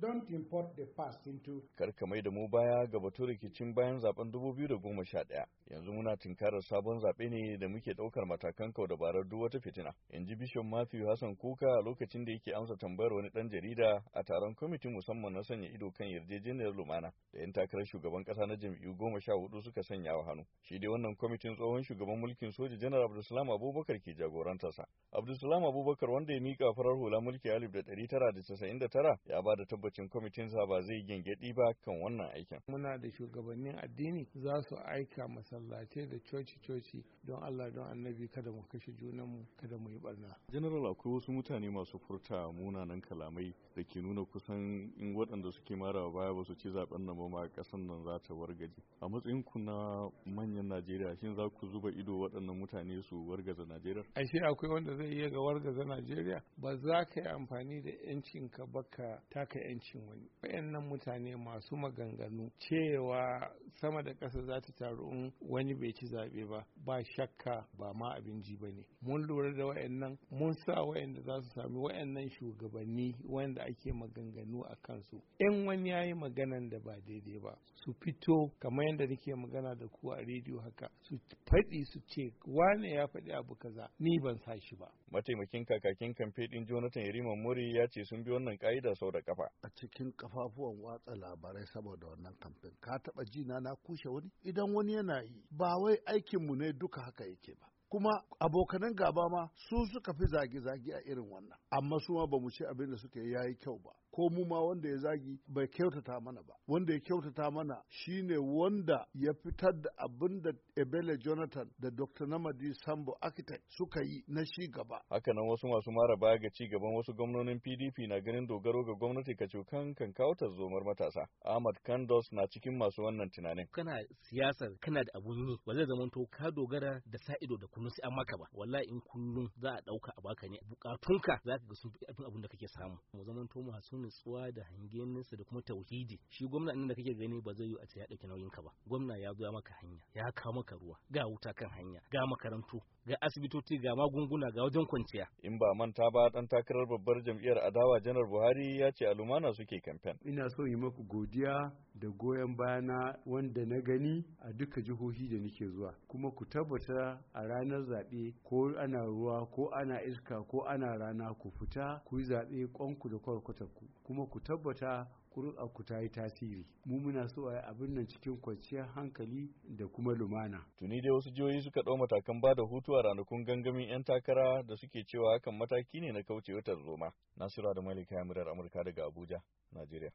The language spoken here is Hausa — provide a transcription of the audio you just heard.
don't import the past into kar ka mai da mu baya ga batun rikicin bayan zaben 2011 yanzu muna tunkarar sabon zaɓe ne da muke ɗaukar matakan kau dabarar duk wata fitina in ji bishop matthew hassan kuka a lokacin da yake amsa tambayar wani dan jarida a taron kwamitin musamman na sanya ido kan yarjejeniyar lumana da yan takarar shugaban kasa na jam'iyyu goma sha hudu suka sanya wa hannu shi dai wannan kwamitin tsohon shugaban mulkin soja janar abdulsalam abubakar ke jagorantarsa abdulsalam abubakar wanda ya mika farar hula mulki alif da ɗari tara da casa'in da tara ya ba da kwatankwacin kwamitin sa ba zai gyangyaɗi ba kan wannan aikin. Muna da shugabannin addini za su aika masallacai da coci-coci don Allah don annabi kada mu kashe junanmu kada mu yi barna. General akwai wasu mutane masu furta munanan kalamai da ke nuna kusan in waɗanda suke mara baya ba su ci zaben nan ba ma nan za ta wargaje. A matsayin ku na manyan Najeriya shin za ku zuba ido waɗannan mutane su wargaza Najeriya? Ashe akwai wanda zai iya ga wargaza Najeriya ba za ka yi amfani da 'yancinka ba ka taka 'yanci. wani wayannan mutane masu maganganu cewa sama da ƙasa za ta taru in wani bai ci zaɓe ba ba shakka ba ma abin ji ba ne mun lura da wayannan mun sa wayanda za su sami wayannan shugabanni wanda ake maganganu a kansu in wani ya yi maganan da ba daidai ba su fito kamar yadda nake magana da ku a rediyo haka su faɗi su ce wane ya faɗi abu kaza ni ban sa shi ba mataimakin kakakin kamfe ɗin jonathan yarima muri ya ce sun bi wannan ka'ida sau da kafa a cikin kafafuwan watsa labarai saboda wannan kamfen ka taba jina na kushe wani idan wani yana yi ba wai aikinmu ne duka haka yake ba kuma abokanan gaba ma su suka fi zage-zage a irin wannan amma su ma ba ce abin da suka yi yayi kyau ba ko mu ma wanda ya zagi bai kyautata mana ba wanda ya kyautata mana shine wanda ya fitar da abin da Ebele Jonathan da Dr. Namadi Sambo Architect suka yi na shi gaba hakanan wasu masu mara baya ga ci gaban wasu gwamnonin PDP na ganin dogaro ga gwamnati ka ce kan kan kawo zomar matasa Ahmad Kandos na cikin masu wannan tunanin kana siyasar kana da abun yi ba zai to ka dogara da sa'ido ido da kullum sai an maka ba wallahi in kullum za a dauka a baka ne bukatunka za ka ga sun fi abin abin da kake samu mu zaman to mu hasu nutsuwa da hangen da kuma tauhidi shi gwamna nan da kake gani ba zai yi a ce ya dauki nauyin ka ba gwamna ya zo maka hanya ya kawo maka ruwa ga wuta kan hanya ga makarantu ga asibitoci ga magunguna ga wajen kwanciya in ba manta ba dan takarar babbar jam'iyyar adawa janar buhari ya ce alumana suke kamfen ina so yi maku godiya da goyon bayana wanda na gani a duka jihohi da nake zuwa kuma ku tabbata a ranar ranar zaɓe ko ana ruwa ko ana iska ko ana rana ku fita ku yi zaɓe kwanku da kwarkwatarku kuma ku tabbata ku ta yi tasiri mu muna so a yi abin nan cikin kwanciyar hankali da kuma lumana tuni dai wasu jihohi suka ɗau matakan ba da hutu a ranakun gangamin 'yan takara da suke cewa hakan mataki ne na kauce wutar roma nasira da malika murar amurka daga abuja najeriya